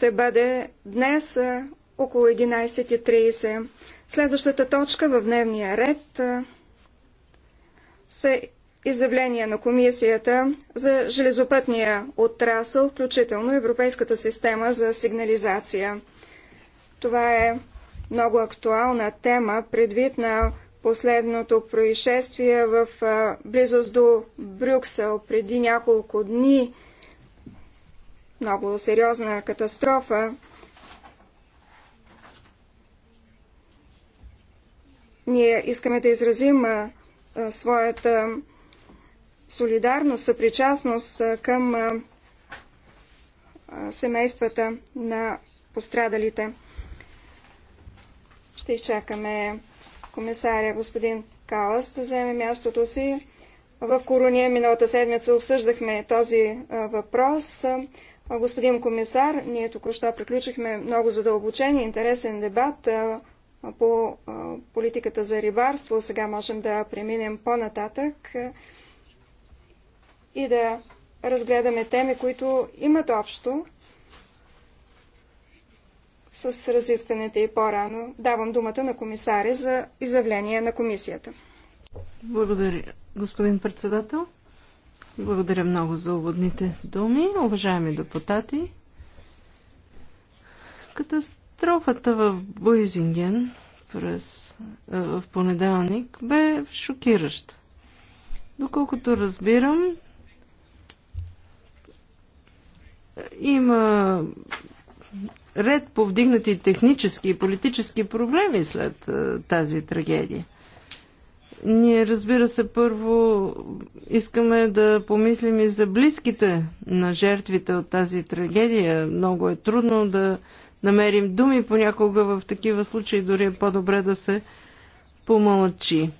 ще бъде днес около 11.30. Следващата точка в дневния ред са изявления на комисията за железопътния отрасъл, включително Европейската система за сигнализация. Това е много актуална тема предвид на последното происшествие в близост до Брюксел преди няколко дни – много сериозна катастрофа. Ние искаме да изразим а, а, своята солидарност, съпричастност а, към семействата на пострадалите. Ще изчакаме комисаря господин Калас да вземе мястото си. В Корония миналата седмица обсъждахме този въпрос. Господин комисар, ние току-що приключихме много задълбочен и интересен дебат по политиката за рибарство. Сега можем да преминем по-нататък и да разгледаме теми, които имат общо с разискването и по-рано. Давам думата на комисаря за изявление на комисията. Благодаря, господин председател. Благодаря много за уводните думи, уважаеми депутати. Катастрофата в Буизинген през, е, в понеделник бе шокираща. Доколкото разбирам, има ред повдигнати технически и политически проблеми след е, тази трагедия. Ние, разбира се, първо искаме да помислим и за близките на жертвите от тази трагедия. Много е трудно да намерим думи понякога в такива случаи, дори е по-добре да се помълчи.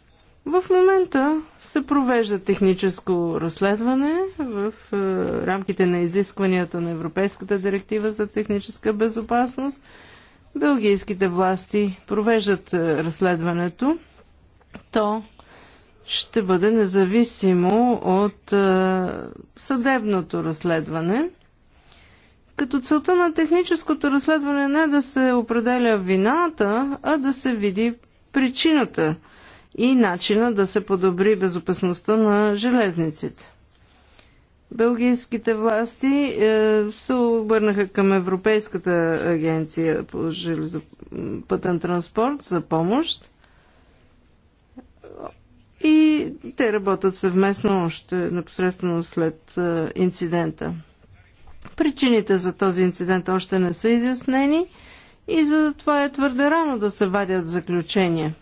В момента се провежда техническо разследване в е, рамките на изискванията на Европейската директива за техническа безопасност. Белгийските власти провеждат е, разследването. То ще бъде независимо от е, съдебното разследване. Като целта на техническото разследване не е да се определя вината, а да се види причината и начина да се подобри безопасността на железниците. Белгийските власти е, се обърнаха към Европейската агенция по железопътен транспорт за помощ и те работят съвместно още непосредствено след инцидента. Причините за този инцидент още не са изяснени и затова е твърде рано да се вадят заключения.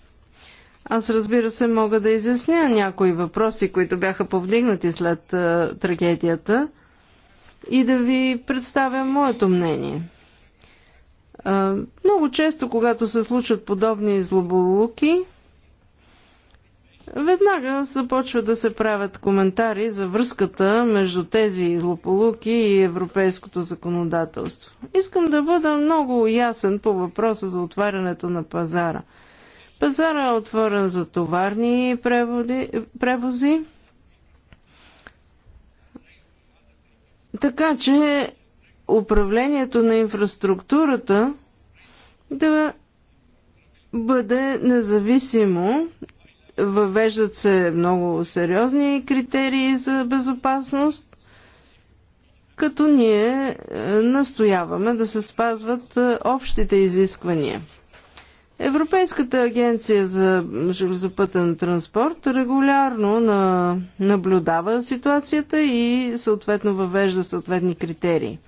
Аз разбира се мога да изясня някои въпроси, които бяха повдигнати след трагедията и да ви представя моето мнение. много често, когато се случат подобни злоболуки, Веднага започва да се правят коментари за връзката между тези злополуки и европейското законодателство. Искам да бъда много ясен по въпроса за отварянето на пазара. Пазара е отворен за товарни преводи, превози. Така че управлението на инфраструктурата да бъде независимо Въвеждат се много сериозни критерии за безопасност, като ние е, настояваме да се спазват е, общите изисквания. Европейската агенция за железопътен транспорт регулярно на, наблюдава ситуацията и съответно въвежда съответни критерии.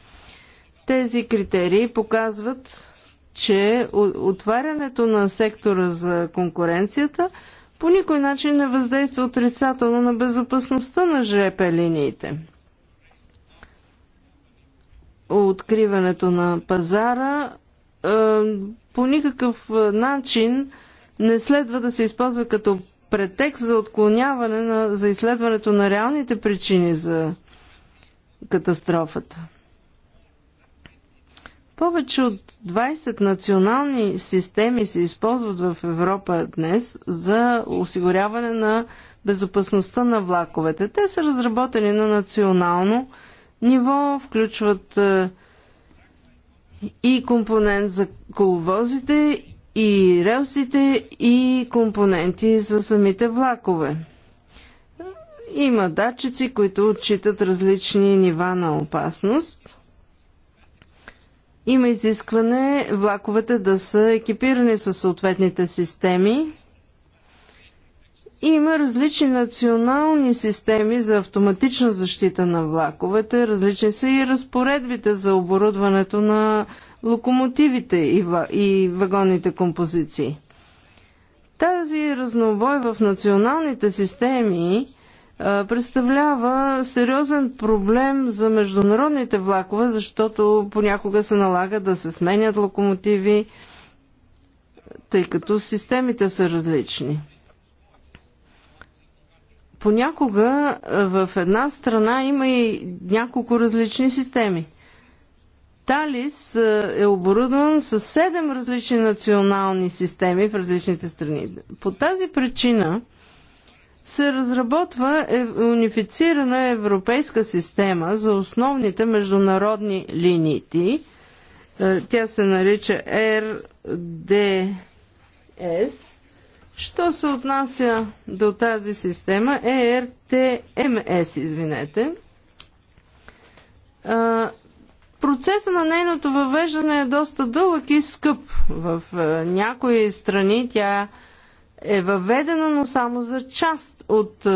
Тези критерии показват, че отварянето на сектора за конкуренцията – по никой начин не въздейства отрицателно на безопасността на ЖП линиите. Откриването на пазара е, по никакъв е, начин не следва да се използва като претекст за отклоняване на, за изследването на реалните причини за катастрофата. Повече от 20 национални системи се използват в Европа днес за осигуряване на безопасността на влаковете. Те са разработени на национално ниво, включват е, и компонент за коловозите, и релсите, и компоненти за самите влакове. Има датчици, които отчитат различни нива на опасност – има изискване влаковете да са екипирани със съответните системи. И има различни национални системи за автоматична защита на влаковете. Различни са и разпоредбите за оборудването на локомотивите и вагонните композиции. Тази разнобой в националните системи представлява сериозен проблем за международните влакове, защото понякога се налага да се сменят локомотиви, тъй като системите са различни. Понякога в една страна има и няколко различни системи. Талис е оборудван с 7 различни национални системи в различните страни. По тази причина, се разработва е, унифицирана европейска система за основните международни линии. Е, тя се нарича RDS. Що се отнася до тази система, ERTMS, е извинете, Процесът на нейното въвеждане е доста дълъг и скъп. В някои страни тя е е въведено, но само за част от е,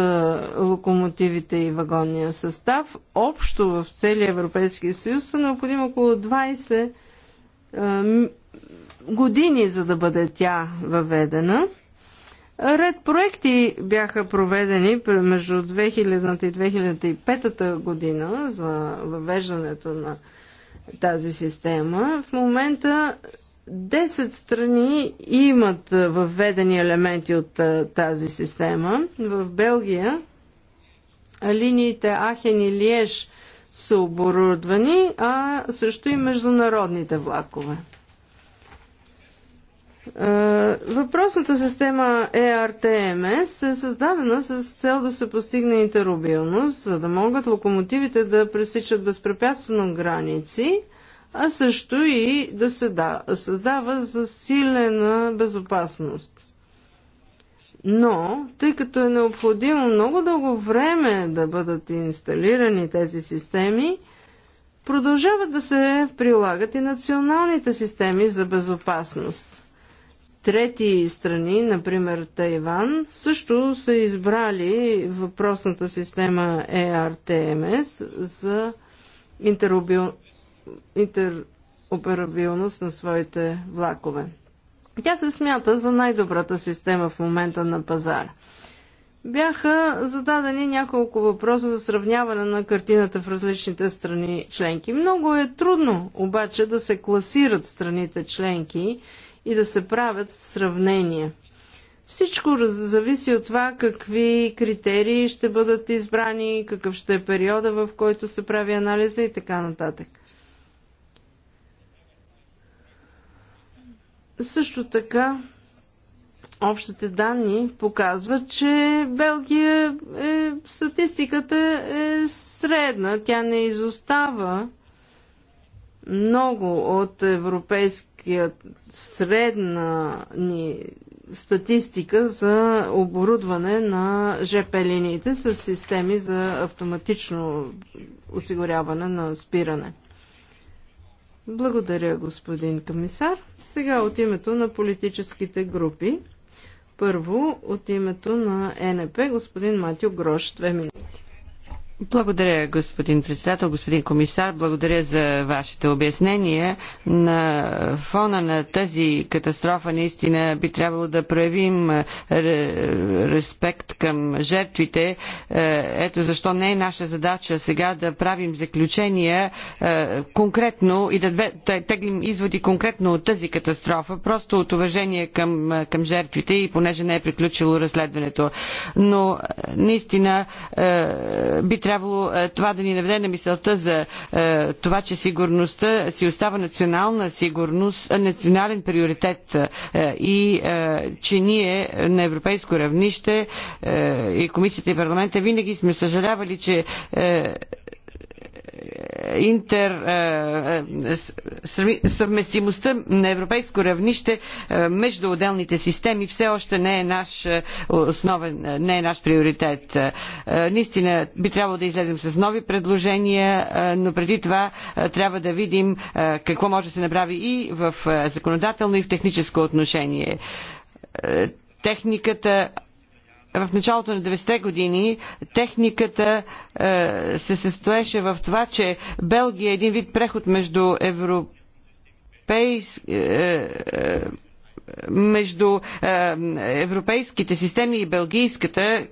локомотивите и вагонния състав. Общо в целия Европейски съюз са необходимо около 20 е, години, за да бъде тя въведена. Ред проекти бяха проведени между 2000 и 2005 година за въвеждането на тази система. В момента 10 страни имат въведени елементи от тази система. В Белгия линиите Ахен и Лиеш са оборудвани, а също и международните влакове. Въпросната система ERTMS е създадена с цел да се постигне интеробилност, за да могат локомотивите да пресичат безпрепятствено граници – а също и да се да, създава засилена безопасност. Но, тъй като е необходимо много дълго време да бъдат инсталирани тези системи, продължават да се прилагат и националните системи за безопасност. Трети страни, например Тайван, също са избрали въпросната система ERTMS за интероперабилност на своите влакове. Тя се смята за най-добрата система в момента на пазара. Бяха зададени няколко въпроса за сравняване на картината в различните страни членки. Много е трудно обаче да се класират страните членки и да се правят сравнения. Всичко зависи от това какви критерии ще бъдат избрани, какъв ще е периода, в който се прави анализа и така нататък. Също така, общите данни показват, че Белгия е, статистиката е средна, тя не изостава много от европейския средна ни статистика за оборудване на ЖП линиите с системи за автоматично осигуряване на спиране. Благодаря, господин комисар. Сега от името на политическите групи. Първо, от името на НП, господин Матио Грош, две минути. Благодаря, господин председател, господин комисар. Благодаря за вашите обяснения. На фона на тази катастрофа наистина би трябвало да проявим е, респект към жертвите. Е, ето защо не е наша задача сега да правим заключения е, конкретно и да теглим изводи конкретно от тази катастрофа, просто от уважение към, към жертвите и понеже не е приключило разследването. Но наистина би трябвало трябвало е, това да ни наведе на мисълта за е, това, че сигурността си остава национална сигурност, е, национален приоритет и че ние на европейско равнище и комисията и парламента винаги сме съжалявали, че интер, е, е, съвместимостта на европейско равнище е, между отделните системи все още не е наш основен, не е наш приоритет. Наистина би трябвало да излезем с нови предложения, но преди това трябва да видим какво може да се направи и в законодателно, и в техническо отношение техниката в началото на 90-те години техниката е, се състоеше в това, че Белгия е един вид преход между европейс... Е, е, между е, европейските системи и белгийската е,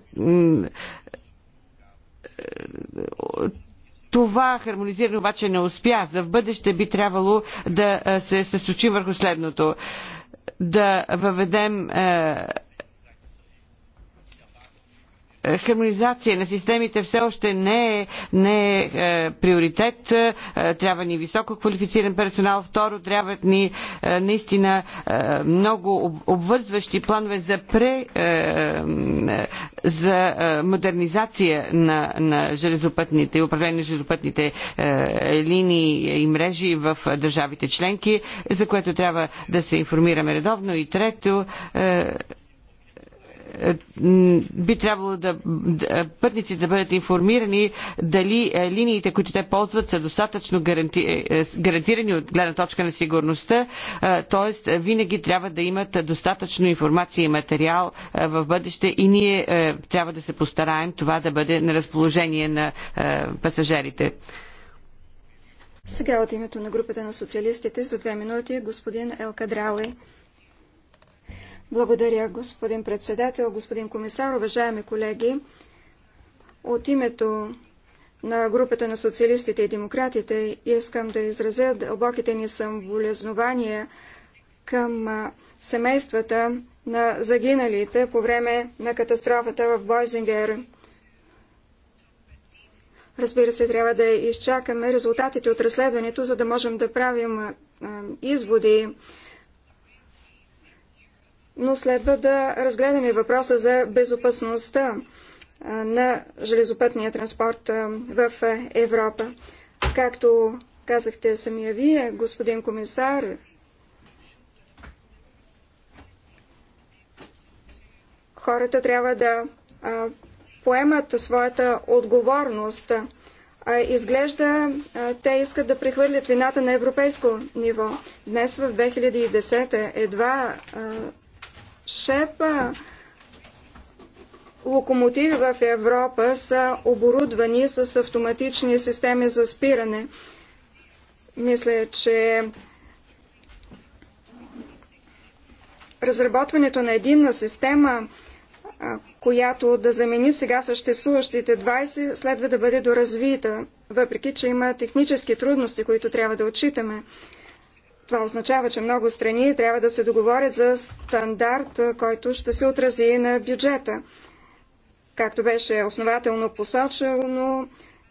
това хармонизиране обаче не успя. За в бъдеще би трябвало да е, се съсочи върху следното. Да въведем хармонизация на системите все още не е, не е, е приоритет. Е, трябва ни високо квалифициран персонал. Второ, трябват ни е, наистина е, много обвързващи планове за, пре, е, е за е, модернизация на, на железопътните и управление на железопътните е, линии и мрежи в държавите членки, за което трябва да се информираме редовно. И трето, е, е, би трябвало да, е, пътниците да бъдат информирани дали е, линиите, които те ползват, са достатъчно гаранти, гарантирани от гледна точка на сигурността, т.е. винаги трябва да имат достатъчно информация и материал в бъдеще и ние трябва да се постараем това да бъде на разположение на пасажирите. Сега от името на групата на социалистите за две минути господин Елкадрауи. Благодаря, господин председател, господин комисар, уважаеми колеги. От името на групата на социалистите и демократите искам да изразя дълбоките ни съболезнования към семействата на загиналите по време на катастрофата в Бойзингер. Разбира се, трябва да изчакаме резултатите от разследването, за да можем да правим изводи но следва да разгледаме въпроса за безопасността на железопътния транспорт в Европа. Както казахте самия вие, господин комисар, хората трябва да поемат своята отговорност. Изглежда, те искат да прехвърлят вината на европейско ниво. Днес в 2010 едва Шепа локомотиви в Европа са оборудвани с автоматични системи за спиране. Мисля, че разработването на единна система, която да замени сега съществуващите 20, следва да бъде доразвита, въпреки че има технически трудности, които трябва да отчитаме. Това означава, че много страни трябва да се договорят за стандарт, който ще се отрази на бюджета. Както беше основателно посочено,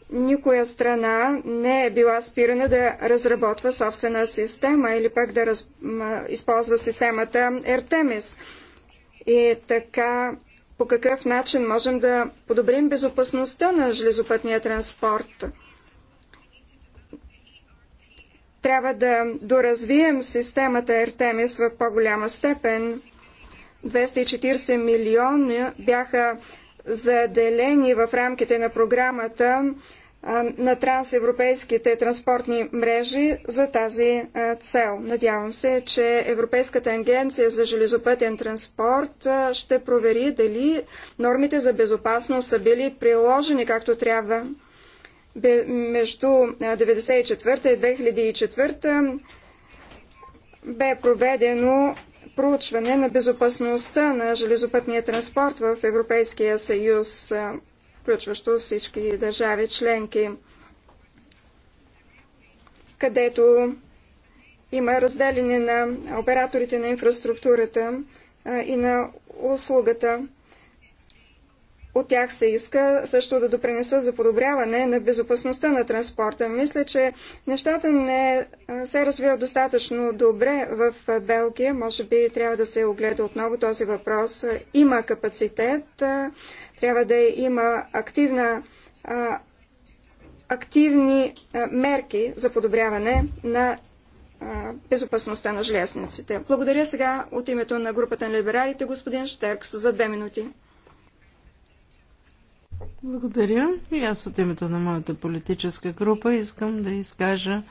никоя страна не е била спирана да разработва собствена система или пък да раз... използва системата Ертемис. И така, по какъв начин можем да подобрим безопасността на железопътния транспорт? Трябва да доразвием системата Ертемис в по-голяма степен. 240 милиона бяха заделени в рамките на програмата на трансевропейските транспортни мрежи за тази цел. Надявам се, че Европейската агенция за железопътен транспорт ще провери дали нормите за безопасност са били приложени както трябва между 1994 и 2004 бе проведено проучване на безопасността на железопътния транспорт в Европейския съюз, включващо всички държави членки, където има разделение на операторите на инфраструктурата и на услугата. От тях се иска също да допринеса за подобряване на безопасността на транспорта. Мисля, че нещата не се развиват достатъчно добре в Белгия. Може би трябва да се огледа отново този въпрос. Има капацитет, трябва да има активна активни мерки за подобряване на безопасността на железниците. Благодаря сега от името на групата на либералите господин Штеркс за две минути. Благодаря. И аз от името на моята политическа група искам да изкажа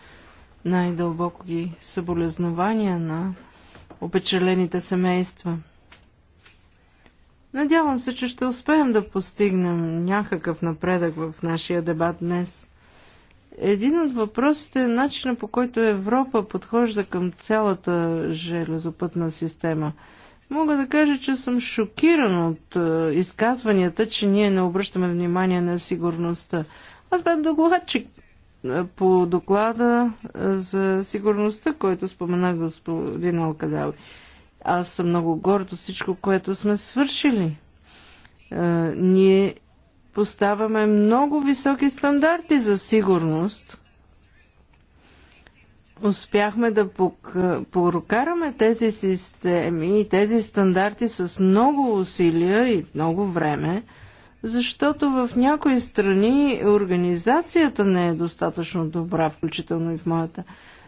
най-дълбоко ги съболезнования на опечалените семейства. Надявам се, че ще успеем да постигнем някакъв напредък в нашия дебат днес. Един от въпросите е начина по който Европа подхожда към цялата железопътна система – Мога да кажа, че съм шокиран от е, изказванията, че ние не обръщаме внимание на сигурността. Аз бях докладчик е, по доклада е, за сигурността, който спомена господин Алкадави. Аз съм много горд от всичко, което сме свършили. Ние поставяме много високи стандарти за сигурност успяхме да прокараме тези системи и тези стандарти с много усилия и много време, защото в някои страни организацията не е достатъчно добра, включително и в моята.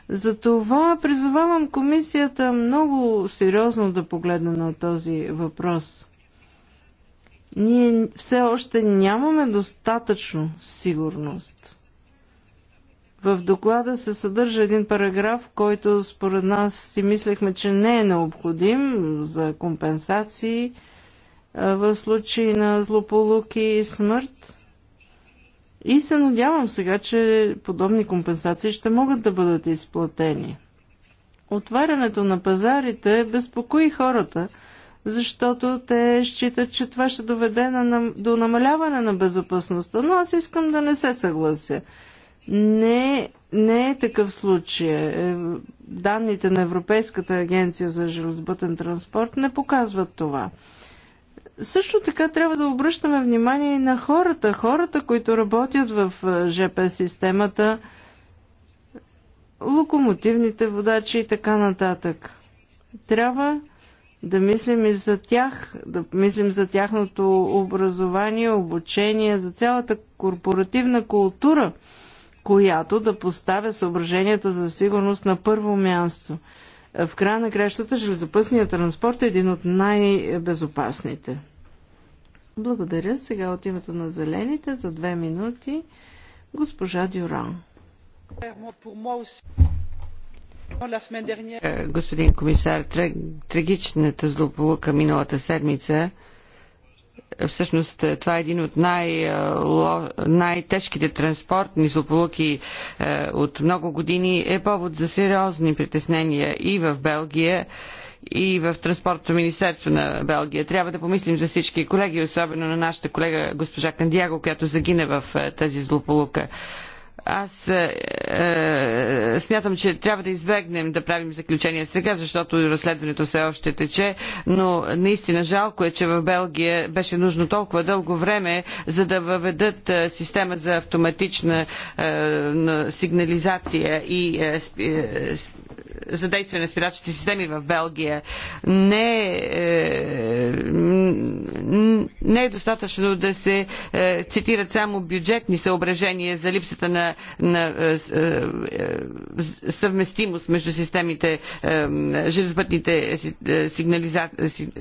Затова призовавам комисията много сериозно да погледне на този въпрос. Ние все още нямаме достатъчно сигурност. В доклада се съдържа един параграф, който според нас си мислехме, че не е необходим за компенсации в случай на злополуки и смърт. И се надявам сега, че подобни компенсации ще могат да бъдат изплатени. Отварянето на пазарите безпокои хората, защото те считат, че това ще доведе на, до намаляване на безопасността, но аз искам да не се съглася. Не, не е такъв случай. Е, данните на Европейската агенция за железбътен транспорт не показват това. Също така трябва да обръщаме внимание и на хората. Хората, които работят в е, ЖП системата, локомотивните водачи и така нататък. Трябва да мислим и за тях, да мислим за тяхното образование, обучение, за цялата корпоративна култура – която да поставя съображенията за сигурност на първо място. В края на кращата железопътният транспорт е един от най-безопасните. Благодаря. Сега от името на Зелените за две минути госпожа Дюран. Господин комисар, трагичната злополука миналата седмица Всъщност е, това е един от най- най-тежките транспортни злополуки е, от много години е повод за сериозни притеснения и в Белгия, и в Транспортното министерство на Белгия. Трябва да помислим за всички колеги, особено на нашата колега госпожа Кандиаго, която загина в е, тази злополука. Аз е, е, смятам, че трябва да избегнем да правим заключение сега, защото разследването все още тече, но наистина жалко е, че в Белгия беше нужно толкова дълго време, за да въведат е, система за автоматична е, сигнализация и е, е, за действие на спирачните системи в Белгия не е, не е достатъчно да се е, цитират само бюджетни съображения за липсата на, на е, е, съвместимост между системите, железопътните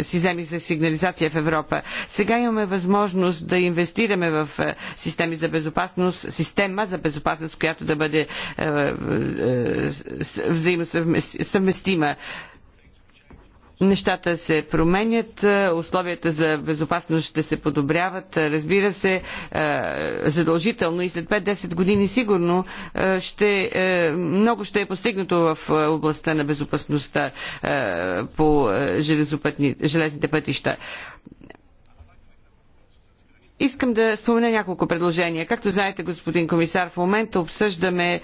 системи за сигнализация в Европа. Сега имаме възможност да инвестираме в системи за безопасност, система за безопасност, която да бъде взаимосъвместима съвместима. Нещата се променят, е, условията за безопасност ще се подобряват. Е, разбира се, е, задължително и след 5-10 години сигурно ще, много ще е постигнато в областта на безопасността по железните пътища. Искам да спомена няколко предложения. Както знаете, господин комисар, в момента обсъждаме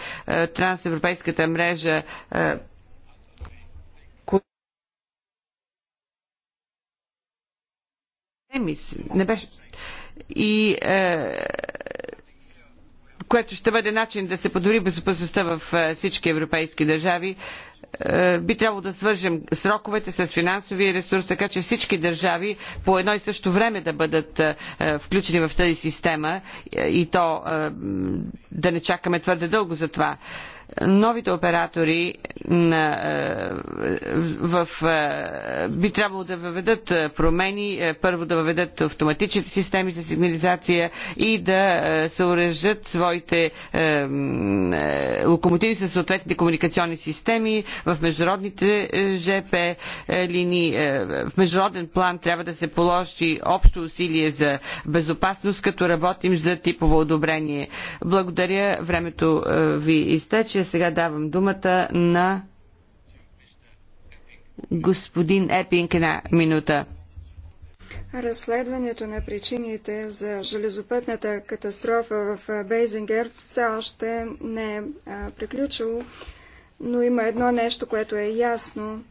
трансевропейската мрежа Не беше. И е, което ще бъде начин да се подобри безопасността в е, всички европейски държави. Е, би трябвало да свържем сроковете с финансовия ресурс, така че всички държави по едно и също време да бъдат е, включени в тази система и то да не чакаме твърде дълго за това новите оператори на, е, в, в, е, би трябвало да въведат е, промени, първо да въведат автоматичните системи за сигнализация и да се урежат своите е, локомотиви с съответните комуникационни системи в международните ЖП линии. В международен план трябва да се положи общо усилие за безопасност, като работим за типово одобрение. Благодаря, времето ви изтече случая сега давам думата на господин Епинг на минута. Разследването на причините за железопътната катастрофа в Бейзингер все още не е приключило, но има едно нещо, което е ясно.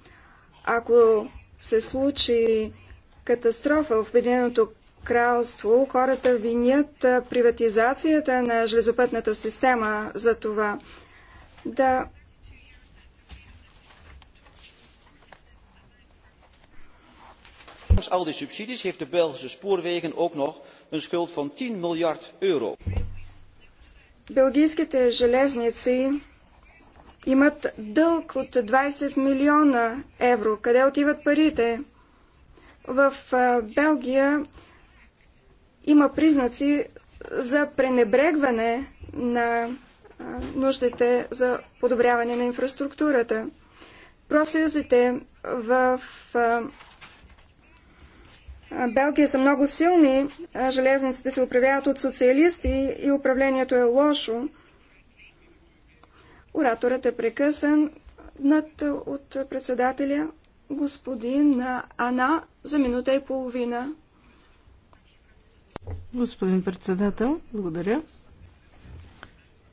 Ако се случи катастрофа в Обединеното кралство, хората винят приватизацията на железопътната система за това да Ondanks al die subsidies heeft de Belgische spoorwegen ook nog een schuld van 10 miljard euro. Белгийските железници имат дълг от 20 милиона евро. Къде отиват парите? В Белгия има признаци за пренебрегване на нуждите за подобряване на инфраструктурата. Профсъюзите в Белгия са много силни, железниците се управляват от социалисти и управлението е лошо. Ораторът е прекъсан над от председателя господин Ана за минута и половина. Господин председател, благодаря.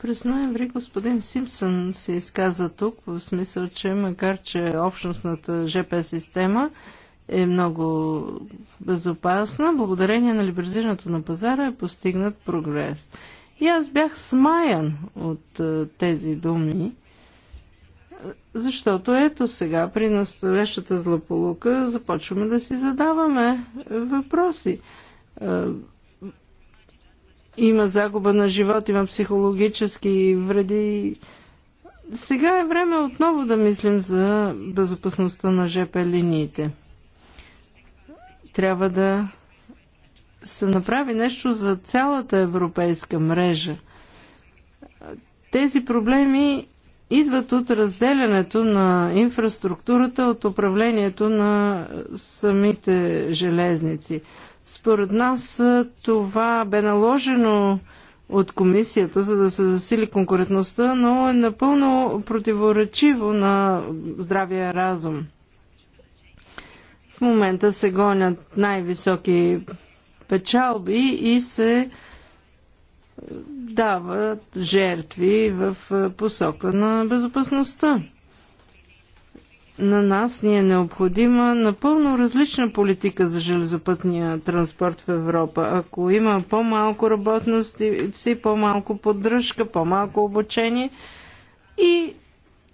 През ноември господин Симпсън се изказа тук, в смисъл, че макар, че общностната ЖП система е много безопасна, благодарение на либерализирането на пазара е постигнат прогрес. И аз бях смаян от тези думи, защото ето сега при настоящата злополука започваме да си задаваме въпроси има загуба на живот, има психологически вреди. Сега е време отново да мислим за безопасността на ЖП линиите. Трябва да се направи нещо за цялата европейска мрежа. Тези проблеми идват от разделянето на инфраструктурата от управлението на самите железници. Според нас това бе наложено от комисията, за да се засили конкурентността, но е напълно противоречиво на здравия разум. В момента се гонят най-високи печалби и се дават жертви в посока на безопасността на нас ни е необходима напълно различна политика за железопътния транспорт в Европа. Ако има по-малко работности, по-малко поддръжка, по-малко обучение и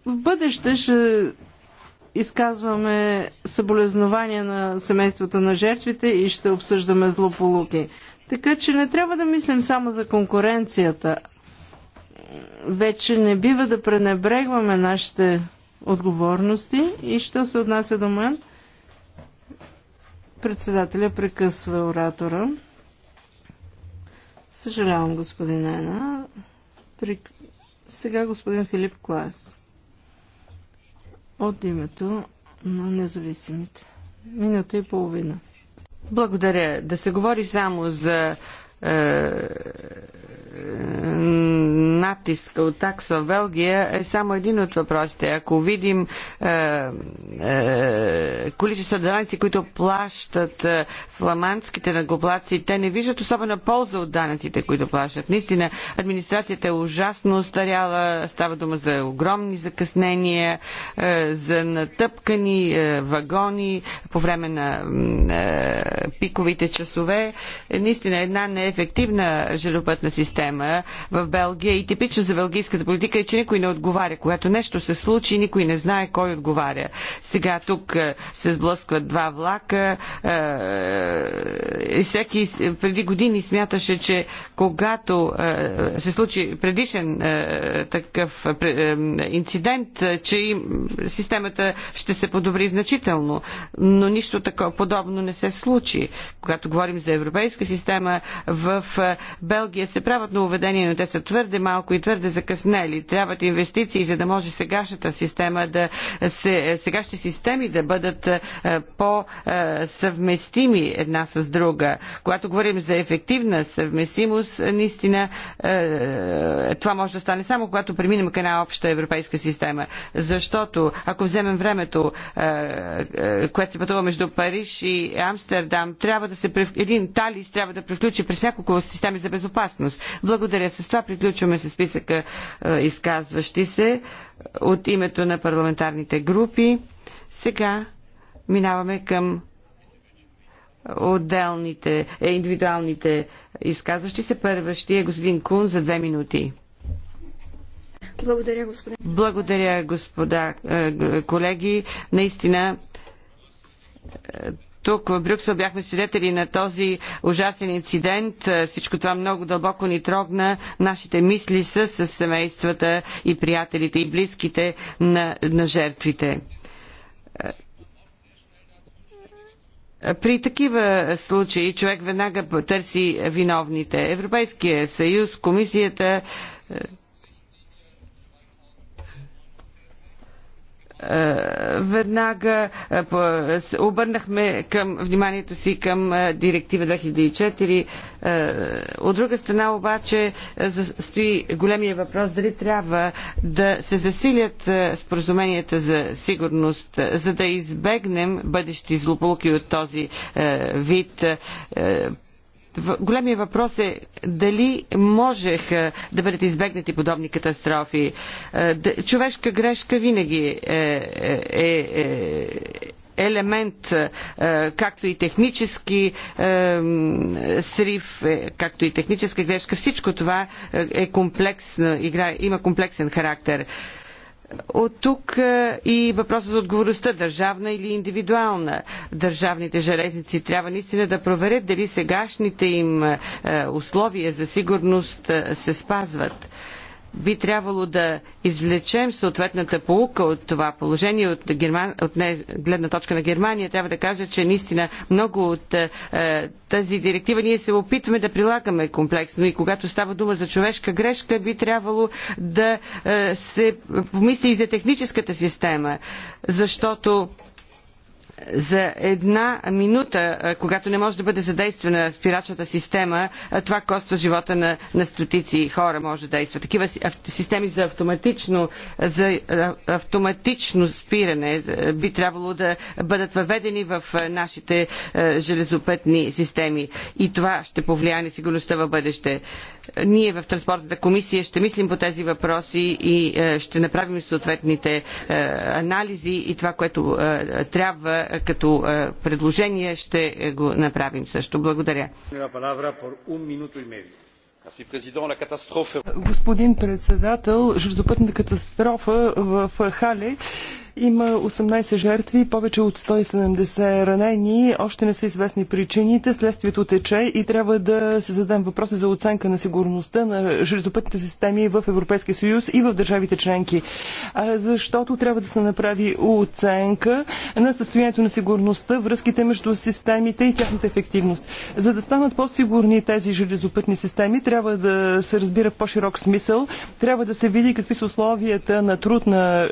в бъдеще ще изказваме съболезнования на семействата на жертвите и ще обсъждаме злополуки. Така че не трябва да мислим само за конкуренцията. Вече не бива да пренебрегваме нашите отговорности. И що се отнася до мен, председателя прекъсва оратора. Съжалявам, господин Ена. При... Сега господин Филип Клас. От името на независимите. Минута и половина. Благодаря. Да се говори само за е, е натиска от такса в Белгия е само един от въпросите. Ако видим е, е, количество данъци, които плащат е, фламандските нагоплаци, те не виждат особена полза от данъците, които плащат. Наистина, администрацията е ужасно устаряла, става дума за огромни закъснения, е, за натъпкани е, вагони по време на е, пиковите часове. Е, наистина, една неефективна железопътна система в Белгия и типично за белгийската политика е, че никой не отговаря. Когато нещо се случи, никой не знае кой отговаря. Сега тук е, се сблъскват два влака е, е, и всеки преди години смяташе, че когато се случи предишен такъв инцидент, че системата ще се подобри значително. Но нищо такова подобно не се случи. Когато говорим за европейска система, в Белгия се правят нововведения, но те са твърде малко малко и твърде закъснели. Трябват инвестиции, за да може сегашната система да се, сегашните системи да бъдат е, по-съвместими една с друга. Когато говорим за ефективна съвместимост, наистина е, това може да стане само когато преминем към една обща европейска система. Защото ако вземем времето, е, което се пътува между Париж и Амстердам, трябва да се, един талис трябва да превключи през няколко системи за безопасност. Благодаря. С това приключваме с списъка изказващи се от името на парламентарните групи. Сега минаваме към отделните, е, индивидуалните изказващи се. Първа ще е господин Кун за две минути. Благодаря, господин. Благодаря, господа колеги. Наистина тук в Брюксел бяхме свидетели на този ужасен инцидент. Е, всичко това много дълбоко ни трогна. Нашите мисли са с семействата и приятелите и близките на, на жертвите. Е, при такива случаи човек веднага търси виновните. Европейския съюз, комисията е, веднага обърнахме към вниманието си към директива 2004. От друга страна обаче стои големия въпрос дали трябва да се засилят споразуменията за сигурност, за да избегнем бъдещи злополуки от този вид Големия въпрос е дали можех е, да бъдат избегнати подобни катастрофи. Е, човешка грешка винаги е, е, е, е елемент, както и технически срив, както и техническа грешка. Всичко това е комплексно, игра, има комплексен характер. От тук е, и въпросът за отговорността, държавна или индивидуална. Държавните железници трябва наистина да проверят дали сегашните им е, условия за сигурност е, се спазват би трябвало да извлечем съответната полука от това положение от, Герман... от не, гледна точка на Германия. Трябва да кажа, че наистина много от е, тази директива ние се опитваме да прилагаме комплексно и когато става дума за човешка грешка, би трябвало да е, се помисли и за техническата система, защото за една минута, когато не може да бъде задействана спирачната система, това коства живота на, на стотици хора, може да действа. Такива системи за автоматично, за автоматично спиране би трябвало да бъдат въведени в нашите железопътни системи. И това ще повлияе на сигурността в бъдеще. Ние в Транспортната комисия ще мислим по тези въпроси и е, ще направим съответните е, анализи и това, което е, трябва като предложение, ще го направим също. Благодаря. Господин председател, железопътната катастрофа в Хале има 18 жертви, повече от 170 ранени. Още не са известни причините. Следствието тече и трябва да се задам въпроси за оценка на сигурността на железопътните системи в Европейския съюз и в държавите членки. Защото трябва да се направи оценка на състоянието на сигурността, връзките между системите и тяхната ефективност. За да станат по-сигурни тези железопътни системи, трябва да се разбира в по-широк смисъл. Трябва да се види какви са условията на труд на,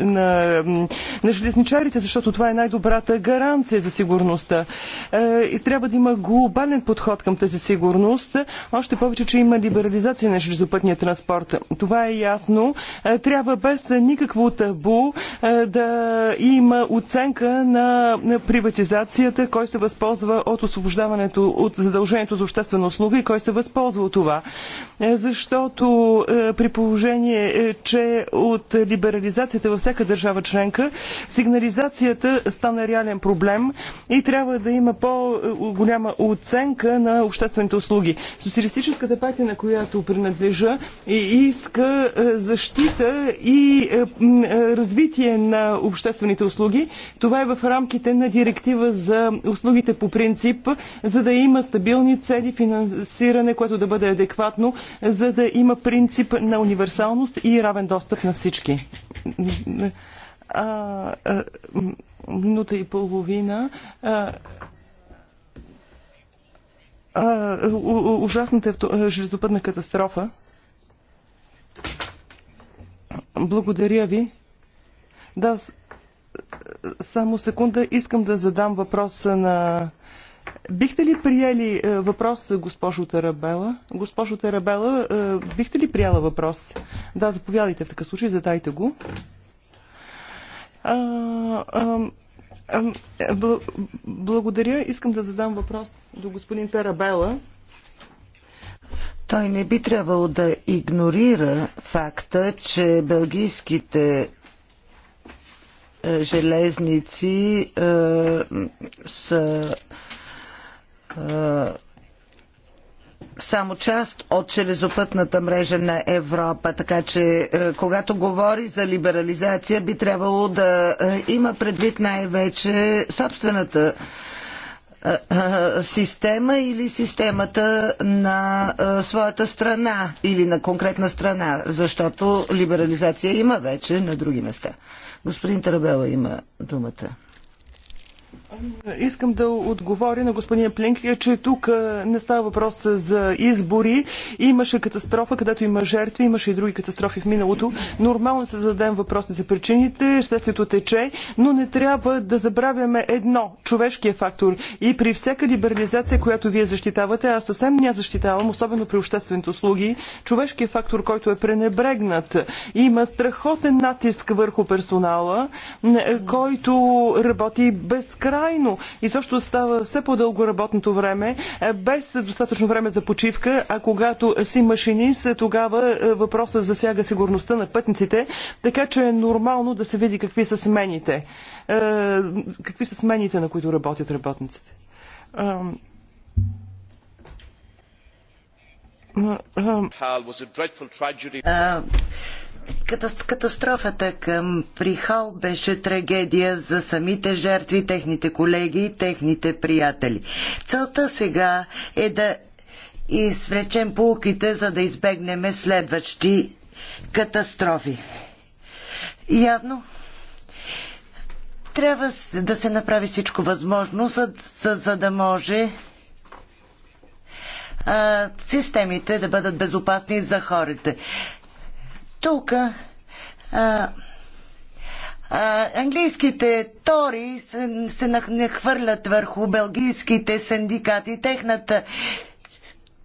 на на железничарите, защото това е най-добрата гаранция за сигурността. Е, и трябва да има глобален подход към тази сигурност, още повече, че има либерализация на железопътния транспорт. Това е ясно. Е, трябва без никакво табу е, да има оценка на приватизацията, кой се възползва от освобождаването от задължението за обществена услуга и кой се възползва от това. Защото при положение, че от либерализацията във всяка държава членка, сигнализацията стана реален проблем и трябва да има по-голяма оценка на обществените услуги. Социалистическата партия, на която принадлежа, иска е, защита и е, е, развитие на обществените услуги. Това е в рамките на директива за услугите по принцип, за да има стабилни цели, финансиране, което да бъде адекватно, за да има принцип на универсалност и равен достъп на всички а, а, минута и половина. А, а, ужасната авто, железопътна катастрофа. Благодаря ви. Да, само секунда. Искам да задам въпроса на... Бихте ли приели е, въпрос, госпожо Тарабела? Госпожо Тарабела, е, бихте ли прияла въпрос? Да, заповядайте в такъв случай, задайте го. А, а, а, бл благодаря. Искам да задам въпрос до господин Тарабела. Той не би трябвало да игнорира факта, че белгийските е, железници е, са е, само част от железопътната мрежа на Европа. Така че, е, когато говори за либерализация, би трябвало да е, има предвид най-вече собствената е, система или системата на своята страна или на конкретна страна, защото либерализация има вече на други места. Господин Тарабела има думата. Искам да отговоря на господин Плинклия, че тук не става въпрос за избори. Имаше катастрофа, където има жертви, имаше и други катастрофи в миналото. Нормално се зададем въпроси за причините, следствието тече, но не трябва да забравяме едно – човешкия фактор. И при всяка либерализация, която вие защитавате, аз съвсем не защитавам, особено при обществените услуги, човешкия фактор, който е пренебрегнат. Има страхотен натиск върху персонала, който работи безкрайно трайно И също става все по-дълго работното време, е, без достатъчно време за почивка, а когато си машинист, е, тогава е, въпросът засяга сигурността на пътниците, така че е нормално да се види какви са смените. Какви са смените, на които работят работниците? Uh, Катастрофата към Прихал беше трагедия за самите жертви, техните колеги и техните приятели. Целта сега е да извлечем полуките, за да избегнем следващи катастрофи. Явно трябва да се направи всичко възможно, за, за, за да може а, системите да бъдат безопасни за хората. Тук а, а, английските тори се, се нахвърлят върху белгийските синдикати. Техната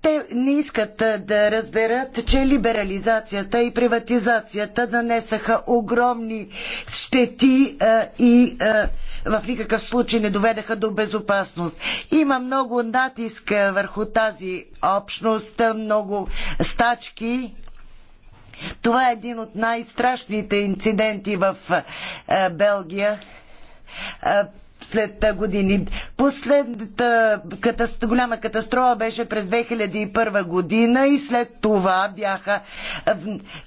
те не искат да разберат, че либерализацията и приватизацията нанесаха огромни щети а, и а, в никакъв случай не доведаха до безопасност. Има много натиск върху тази общност, много стачки това е един от най-страшните инциденти в е, Белгия е, след години. Последната катастро... голяма катастрофа беше през 2001 година и след това бяха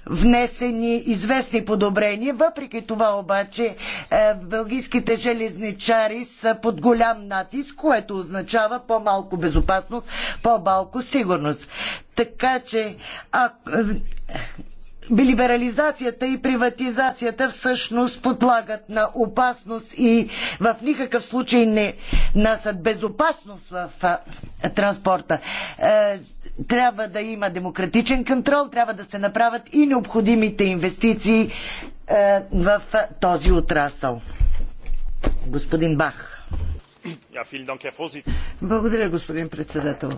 внесени известни подобрения. Въпреки това обаче е, бългийските железничари са под голям натиск, което означава по-малко безопасност, по-малко сигурност. Така че а, либерализацията и приватизацията всъщност подлагат на опасност и в никакъв случай не насят безопасност в транспорта. Е, трябва да има демократичен контрол, трябва да се направят и необходимите инвестиции е, в този отрасъл. Господин Бах. Благодаря, господин председател.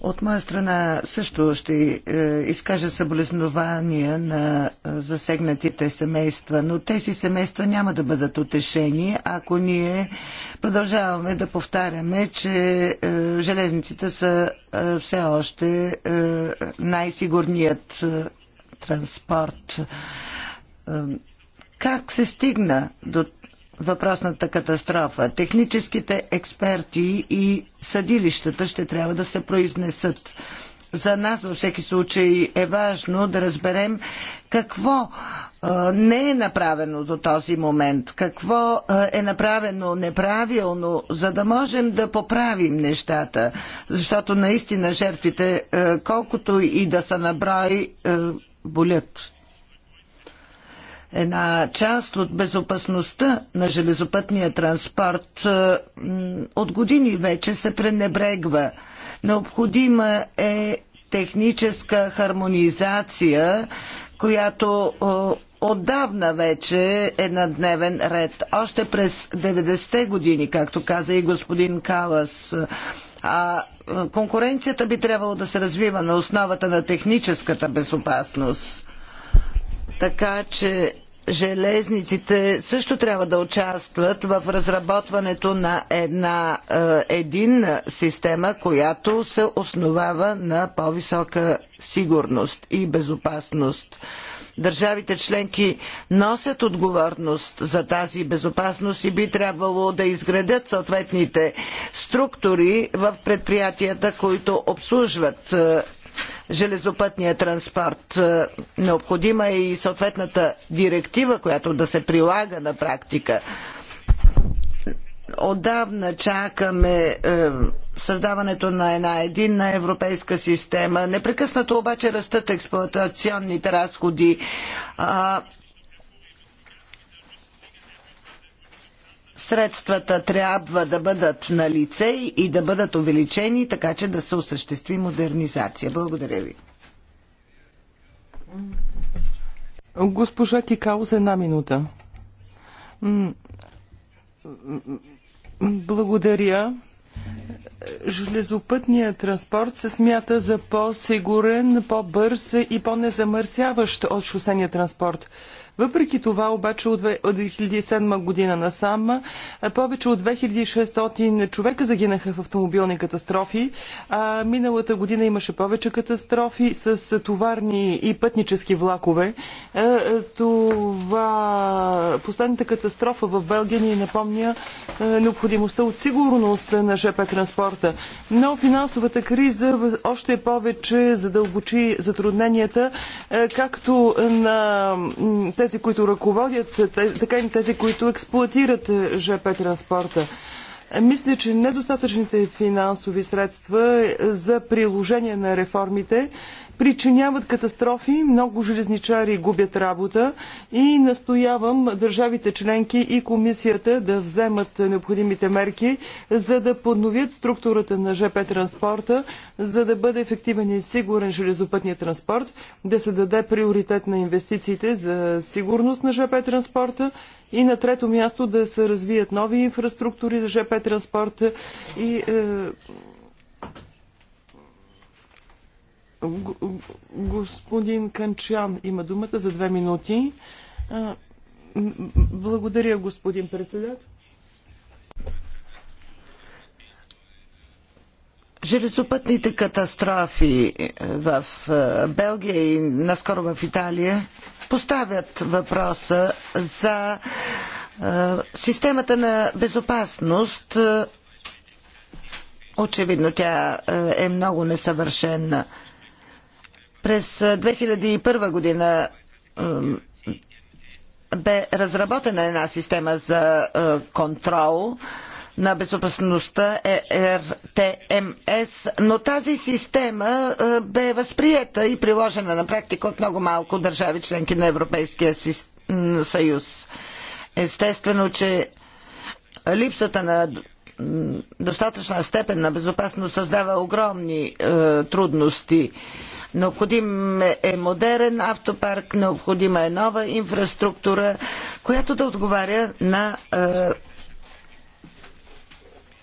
От моя страна също ще е, изкажа съболезнования на е, засегнатите семейства, но тези семейства няма да бъдат утешени, ако ние продължаваме да повтаряме, че е, железниците са е, все още е, най-сигурният е, транспорт. Как се стигна до въпросната катастрофа. Техническите експерти и съдилищата ще трябва да се произнесат. За нас във всеки случай е важно да разберем какво не е направено до този момент, какво е направено неправилно, за да можем да поправим нещата. Защото наистина жертвите, колкото и да са на брой, болят една част от безопасността на железопътния транспорт е, от години вече се пренебрегва. Необходима е техническа хармонизация, която е, отдавна вече е на дневен ред. Още през 90-те години, както каза и господин Калас, е, а конкуренцията би трябвало да се развива на основата на техническата безопасност така че железниците също трябва да участват в разработването на една е, единна система, която се основава на по-висока сигурност и безопасност. Държавите членки носят отговорност за тази безопасност и би трябвало да изградят съответните структури в предприятията, които обслужват е, железопътния транспорт. Е, необходима е и съответната директива, която да се прилага на практика. Отдавна чакаме е, създаването на една единна европейска система. Непрекъснато обаче растат експлоатационните разходи. средствата трябва да бъдат на лице и да бъдат увеличени, така че да се осъществи модернизация. Благодаря ви. Госпожа за една минута. Благодаря. Железопътният транспорт се смята за по-сигурен, по-бърз и по-незамърсяващ от шосения транспорт. Въпреки това, обаче от 2007 година насам, повече от 2600 човека загинаха в автомобилни катастрофи. А миналата година имаше повече катастрофи с товарни и пътнически влакове. Това последната катастрофа в Белгия ни напомня необходимостта от сигурност на ЖП транспорта. Но финансовата криза още повече задълбочи затрудненията, както на те тези, които ръководят, така и тези, които експлуатират е, ЖП транспорта. Е, мисля, че недостатъчните финансови средства е, за приложение на реформите причиняват катастрофи, много железничари губят работа и настоявам държавите членки и комисията да вземат необходимите мерки, за да подновят структурата на ЖП транспорта, за да бъде ефективен и сигурен железопътния транспорт, да се даде приоритет на инвестициите за сигурност на ЖП транспорта и на трето място да се развият нови инфраструктури за ЖП транспорта и е, Господин Канчан има думата за две минути. Благодаря, господин председател. Железопътните катастрофи е, в е, Белгия и наскоро в Италия поставят въпроса за е, системата на безопасност. Очевидно тя е много несъвършена. През 2001 година бе разработена една система за контрол на безопасността е, е РТМС, но тази система бе възприета и приложена на практика от много малко държави членки на Европейския съюз. Естествено, че липсата на достатъчна степен на безопасност създава огромни трудности Необходим е модерен автопарк, необходима е нова инфраструктура, която да отговаря на е,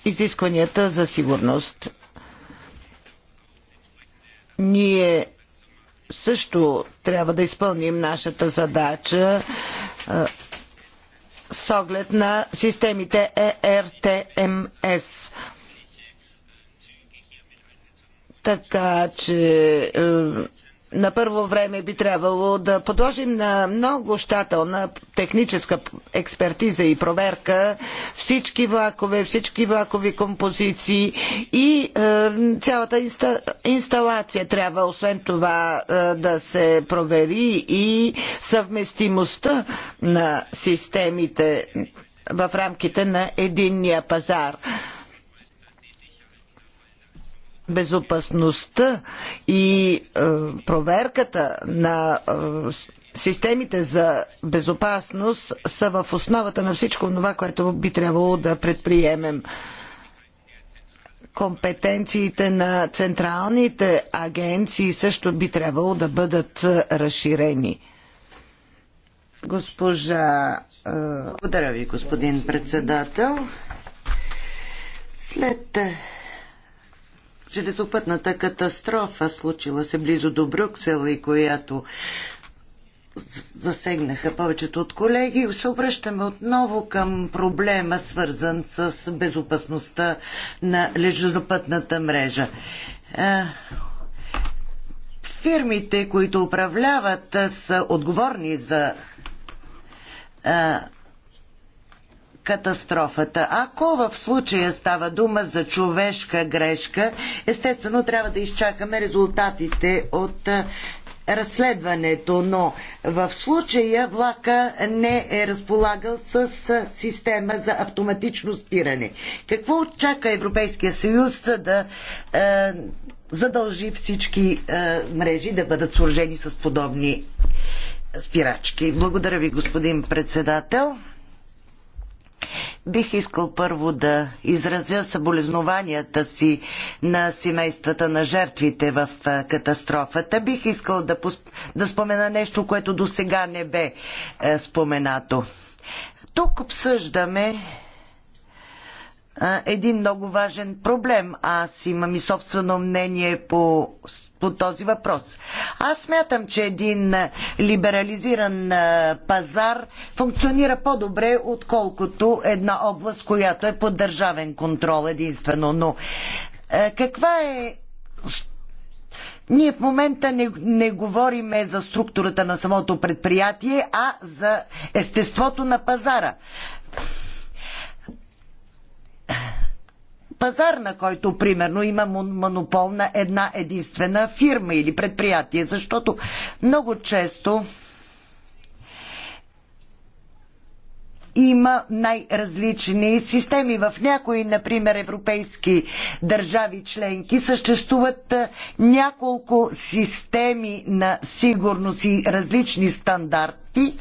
изискванията за сигурност. Ние също трябва да изпълним нашата задача е, с оглед на системите ERTMS. Така че е, на първо време би трябвало да подложим на много щателна техническа експертиза и проверка всички влакове, всички влакови композиции и е, цялата инста, инсталация трябва освен това е, да се провери и съвместимостта на системите в рамките на единния пазар. Е, безопасността и е, проверката на е, системите за безопасност са в основата на всичко това, което би трябвало да предприемем. Компетенциите на централните агенции също би трябвало да бъдат е, разширени. Госпожа. Е... Благодаря ви, господин председател. След е, железопътната катастрофа, случила се близо до Брюксел и която засегнаха повечето от колеги. Се обръщаме отново към проблема, свързан с безопасността на лежезопътната мрежа. Фирмите, които управляват, са отговорни за катастрофата. Ако в случая става дума за човешка грешка, естествено трябва да изчакаме резултатите от разследването, но в случая влака не е разполагал с система за автоматично спиране. Какво очака Европейския съюз за да е, задължи всички е, мрежи да бъдат сложени с подобни спирачки? Благодаря ви, господин председател. Бих искал първо да изразя съболезнованията си на семействата на жертвите в катастрофата. Бих искал да, да спомена нещо, което до сега не бе е, споменато. Тук обсъждаме един много важен проблем. Аз имам и собствено мнение по, по този въпрос. Аз смятам, че един либерализиран пазар функционира по-добре, отколкото една област, която е под държавен контрол единствено. Но каква е ние в момента не, не говориме за структурата на самото предприятие, а за естеството на пазара пазар, на който примерно има монопол на една единствена фирма или предприятие, защото много често има най-различни системи. В някои, например, европейски държави членки съществуват е, няколко системи на сигурност и различни стандарти,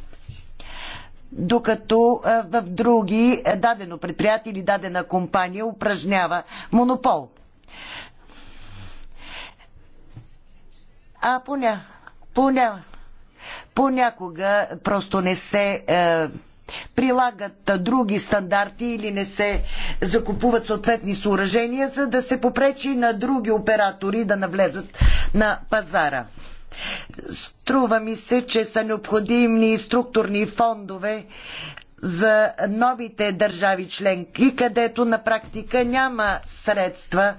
докато е, в други е, дадено предприятие или дадена компания упражнява монопол. А поня, поня, понякога просто не се е, прилагат други стандарти или не се закупуват съответни съоръжения, за да се попречи на други оператори да навлезат на пазара. Струва ми се, че са необходими структурни фондове за новите държави членки, където на практика няма средства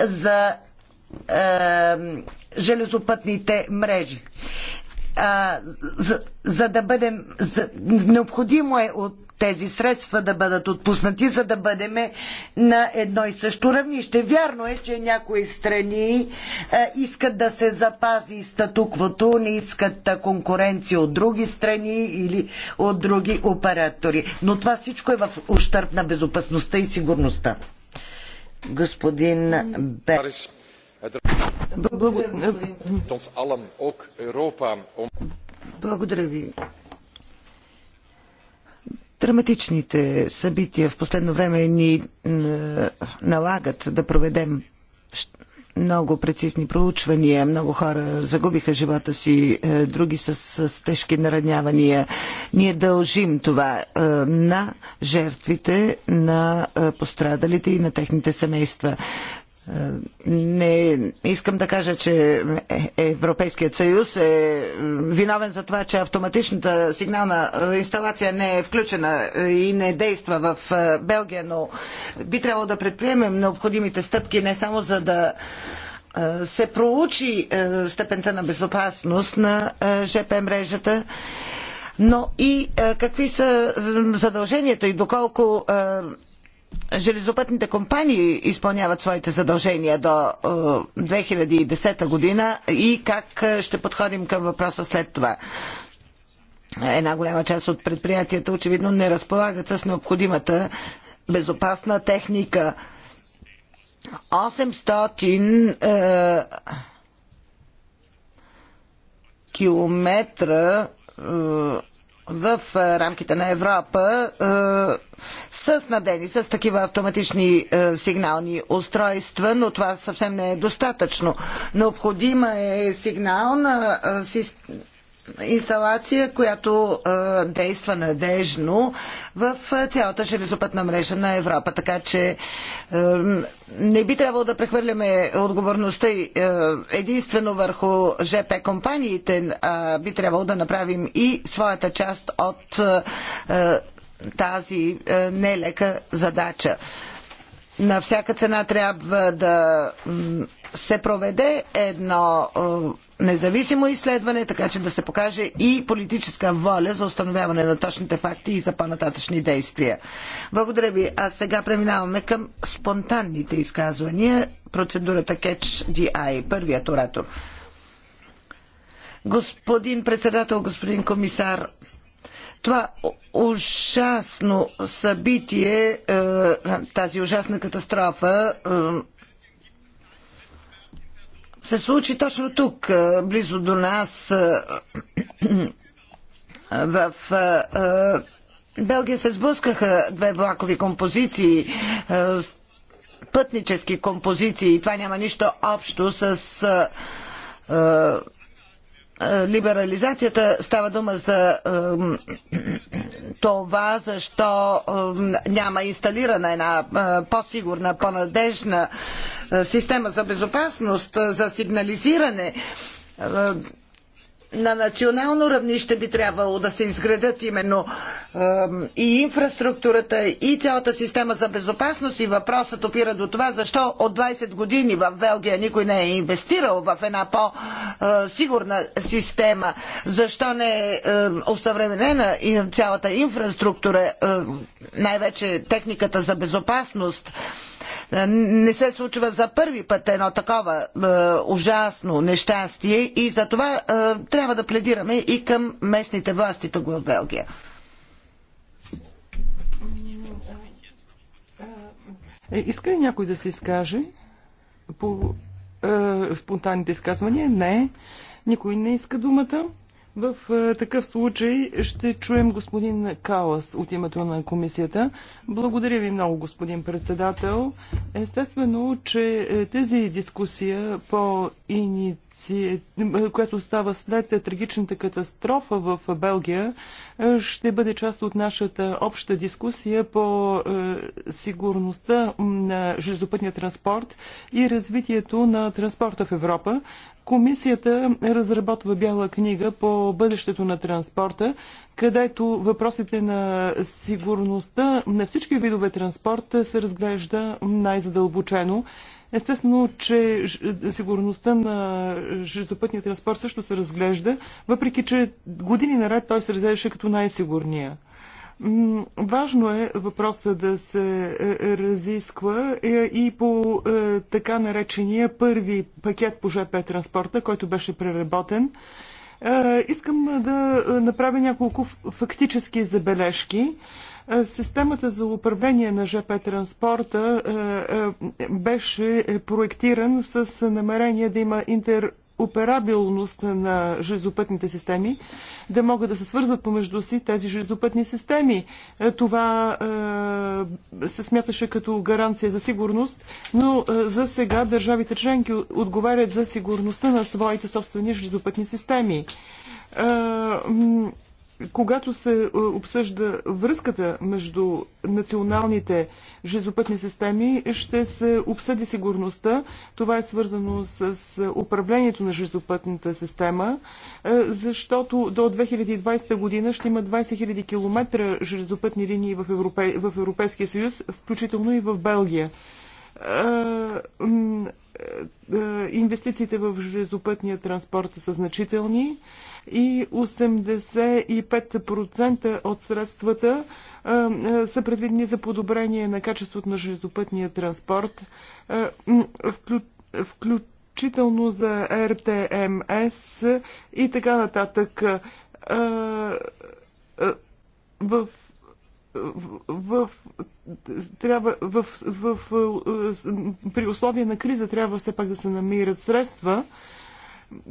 за е, железопътните мрежи. А, за, за, да бъдем. За, необходимо е от тези средства да бъдат отпуснати, за да бъдем на едно и също равнище. Вярно е, че някои страни е, искат да се запази статуквото, не искат е, конкуренция от други страни или от други оператори. Но това всичко е в ущърп на безопасността и сигурността. Господин е Благодаря, ви Благодаря ви. Драматичните събития в последно време ни налагат да проведем много прецизни проучвания. Много хора загубиха живота си, е, други с, с тежки наранявания. Ние дължим това е, на жертвите, на е, пострадалите и на техните семейства. Не искам да кажа, че Европейският съюз е виновен за това, че автоматичната сигнална инсталация не е включена и не действа в е, Белгия, но би трябвало да предприемем необходимите стъпки не само за да е, се проучи е, степента на безопасност на ЖП мрежата, но и какви са задълженията и доколко железопътните компании изпълняват своите задължения до 2010 е, година и как е, ще подходим към въпроса след това. Една голяма част от предприятията очевидно не разполагат с необходимата безопасна техника. 800 е, километра е, в рамките на Европа са снабдени с такива автоматични сигнални устройства, но това съвсем не е достатъчно. Необходима е сигнална инсталация, която а, действа надежно в цялата железопътна мрежа на Европа. Така че а, не би трябвало да прехвърляме отговорността единствено върху ЖП компаниите, а би трябвало да направим и своята част от а, тази а, нелека задача. На всяка цена трябва да се проведе едно независимо изследване, така че да се покаже и политическа воля за установяване на точните факти и за по-нататъчни действия. Благодаря ви. А сега преминаваме към спонтанните изказвания. Процедурата Catch DI. Първият оратор. Господин председател, господин комисар, това ужасно събитие, е, тази ужасна катастрофа е, се случи точно тук, близо до нас, в Белгия се сблъскаха две влакови композиции, пътнически композиции. Това няма нищо общо с либерализацията става дума за това, защо няма инсталирана една по-сигурна, по-надежна система за безопасност, за сигнализиране на национално равнище би трябвало да се изградят именно и инфраструктурата, и цялата система за безопасност. И въпросът опира до това, защо от 20 години в Белгия никой не е инвестирал в една по-сигурна система, защо не е осъвременена цялата инфраструктура, най-вече техниката за безопасност. Е, не се случва за първи път едно такова е, ужасно нещастие и за това е, трябва да пледираме и към местните власти тук в Белгия. Иска ли някой да се изкаже по е, спонтанните изказвания? Не. Никой не иска думата. В е, такъв случай ще чуем господин Калас от името на комисията. Благодаря ви много, господин председател. Естествено, че е, тази дискусия по инициатива, която става след трагичната катастрофа в Белгия, е, ще бъде част от нашата обща дискусия по е, сигурността на железопътния транспорт и развитието на транспорта в Европа. Комисията разработва бяла книга по бъдещето на транспорта, където въпросите на сигурността на всички видове транспорт се разглежда най-задълбочено. Естествено, че сигурността на железопътния транспорт също се разглежда, въпреки че години наред той се разглеждаше като най-сигурния. Важно е въпроса да се е, е, разисква е, и по така наречения първи пакет по ЖП транспорта, който беше преработен. Е, искам да направя няколко фактически забележки. Е, системата за управление на ЖП транспорта е, беше проектиран с намерение да има интер операбилност на железопътните системи, да могат да се свързват помежду си тези железопътни системи. Е, това е, се смяташе като гаранция за сигурност, но е, за сега държавите членки отговарят за сигурността на своите собствени железопътни системи. Е, когато се е, обсъжда връзката между националните железопътни системи, ще се обсъди сигурността. Това е свързано с е, управлението на железопътната система, е, защото до 2020 година ще има 20 000 км железопътни линии в, Европе... в Европейския съюз, включително и в Белгия инвестициите в железопътния транспорт са значителни и 85% от средствата са предвидени за подобрение на качеството на железопътния транспорт, включително за РТМС и така нататък. В в, трябва, в, в, в, при условия на криза трябва все пак да се намират средства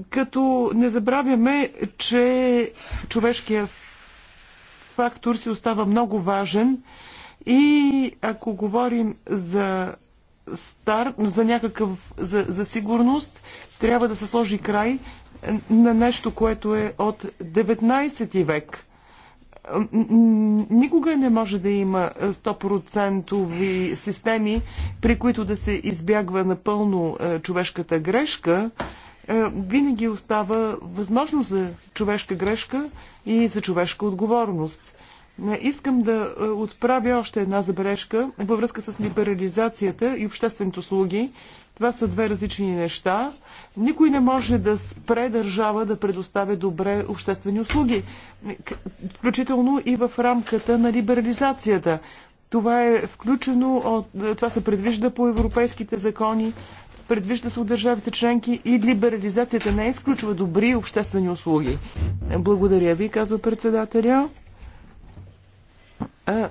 като не забравяме, че човешкият фактор си остава много важен и ако говорим за стар, за някакъв, за, за сигурност, трябва да се сложи край на нещо, което е от 19 век. Никога не може да има 100% системи, при които да се избягва напълно е, човешката грешка, винаги остава възможност за човешка грешка и за човешка отговорност. Искам да отправя още една забележка във връзка с либерализацията и обществените услуги. Това са две различни неща. Никой не може да спре държава да предоставя добре обществени услуги, включително и в рамката на либерализацията. Това е включено, от, това се предвижда по европейските закони, предвижда се от държавите членки и либерализацията не изключва добри обществени услуги. Благодаря ви, казва председателя. А,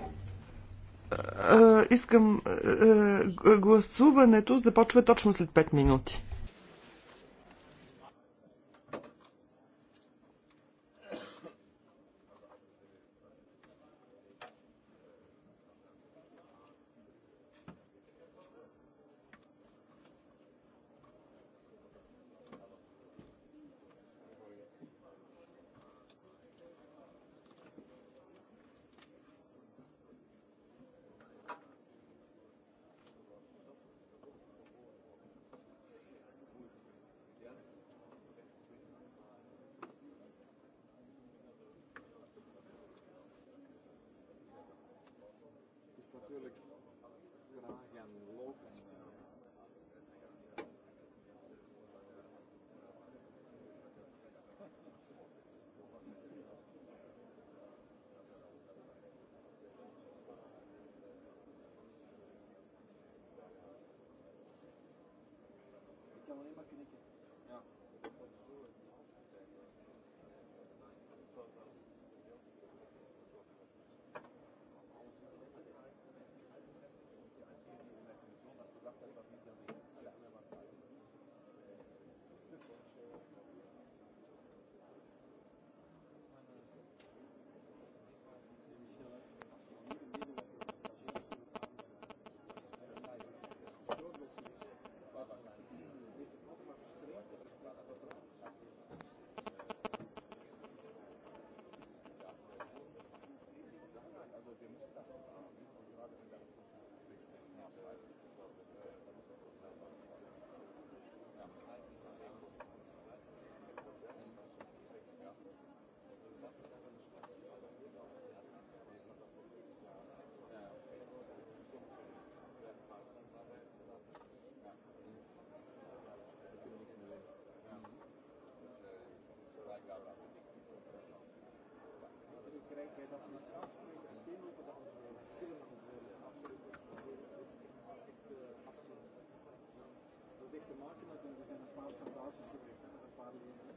а, искам а, гласуването започва точно след 5 минути. wer doch nicht ausbringt, Bildung oder Automatisierung würde, absolut echte Marken, die paar Standards,